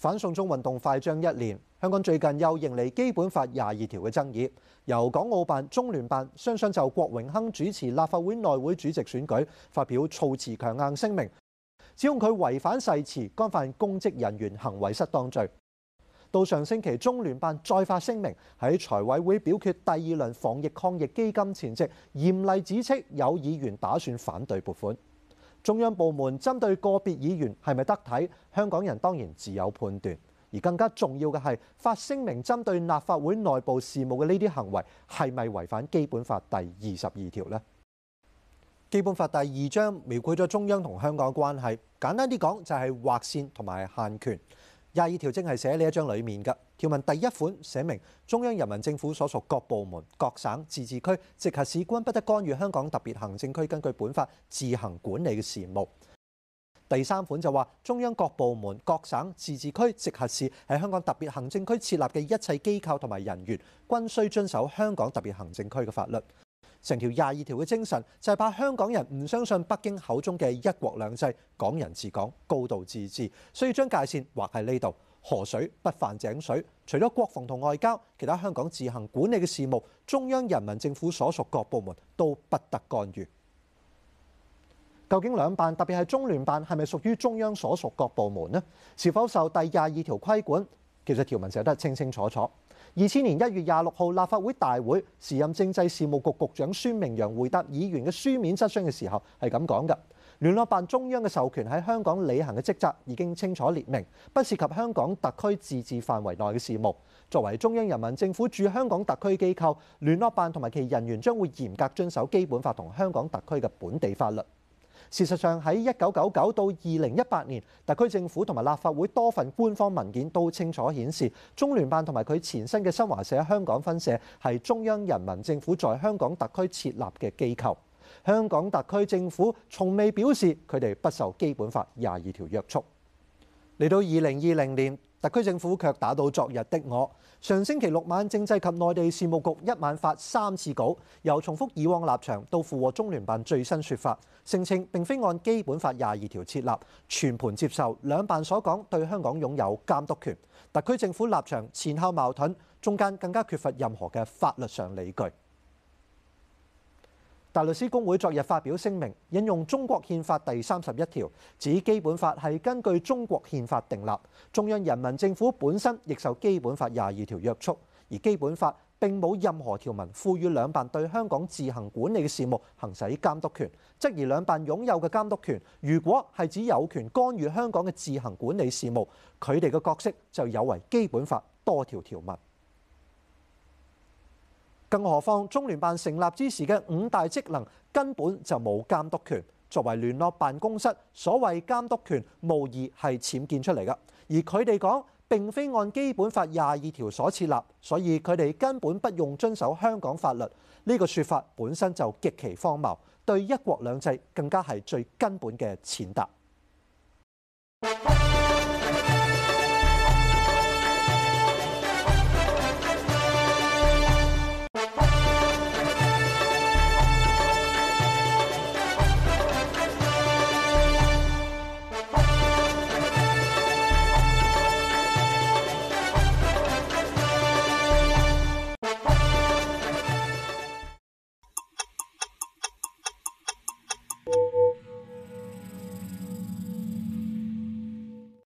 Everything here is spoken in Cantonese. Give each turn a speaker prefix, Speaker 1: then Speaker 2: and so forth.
Speaker 1: 反送中運動快將一年，香港最近又迎嚟基本法廿二條嘅爭議。由港澳辦、中聯辦雙雙就郭榮鏗主持立法會內會主席選舉發表措辭強硬聲明，指控佢違反誓詞，干犯公職人員行為失當罪。到上星期，中聯辦再發聲明喺財委會表決第二輪防疫抗疫基金前夕，嚴厲指斥有議員打算反對撥款。中央部門針對個別議員係咪得體？香港人當然自有判斷。而更加重要嘅係發聲明針對立法會內部事務嘅呢啲行為係咪違反基本法第二十二條呢？《基本法》第二章描繪咗中央同香港嘅關係，簡單啲講就係劃線同埋限權。廿二條正係寫喺呢一章裡面嘅條文，第一款寫明中央人民政府所屬各部門、各省、自治區、直轄市均不得干預香港特別行政區根據本法自行管理嘅事務；第三款就話中央各部門、各省、自治區、直轄市喺香港特別行政區設立嘅一切機構同埋人員，均須遵守香港特別行政區嘅法律。成條廿二條嘅精神就係怕香港人唔相信北京口中嘅一國兩制、港人治港、高度自治，所以將界線劃喺呢度，河水不犯井水。除咗國防同外交，其他香港自行管理嘅事務，中央人民政府所屬各部門都不得干預。究竟兩辦，特別係中聯辦，係咪屬於中央所屬各部門呢？是否受第廿二條規管？其實條文寫得清清楚楚。二千年一月廿六號立法會大會，時任政制事務局局長孫明揚回答議員嘅書面質詢嘅時候係咁講嘅：聯絡辦中央嘅授權喺香港履行嘅職責已經清楚列明，不涉及香港特區自治範圍內嘅事務。作為中央人民政府駐香港特區機構，聯絡辦同埋其人員將會嚴格遵守基本法同香港特區嘅本地法律。事實上，喺一九九九到二零一八年，特區政府同埋立法會多份官方文件都清楚顯示，中聯辦同埋佢前身嘅新華社香港分社係中央人民政府在香港特區設立嘅機構。香港特區政府從未表示佢哋不受《基本法》廿二條約束。嚟到二零二零年。特區政府卻打到昨日的我，上星期六晚政制及內地事務局一晚發三次稿，由重複以往立場到附和中聯辦最新說法，聲稱並非按基本法廿二條設立，全盤接受兩辦所講對香港擁有監督權。特區政府立場前後矛盾，中間更加缺乏任何嘅法律上理據。大律師公會昨日發表聲明，引用中國憲法第三十一條，指基本法係根據中國憲法訂立，中央人民政府本身亦受基本法廿二條約束，而基本法並冇任何條文賦予兩辦對香港自行管理嘅事務行使監督權。質疑兩辦擁有嘅監督權，如果係指有權干預香港嘅自行管理事務，佢哋嘅角色就有違基本法多條條文。更何況，中聯辦成立之時嘅五大職能根本就冇監督權，作為聯絡辦公室，所謂監督權無疑係僭建出嚟嘅。而佢哋講並非按基本法廿二條所設立，所以佢哋根本不用遵守香港法律。呢個說法本身就極其荒謬，對一國兩制更加係最根本嘅踐踏。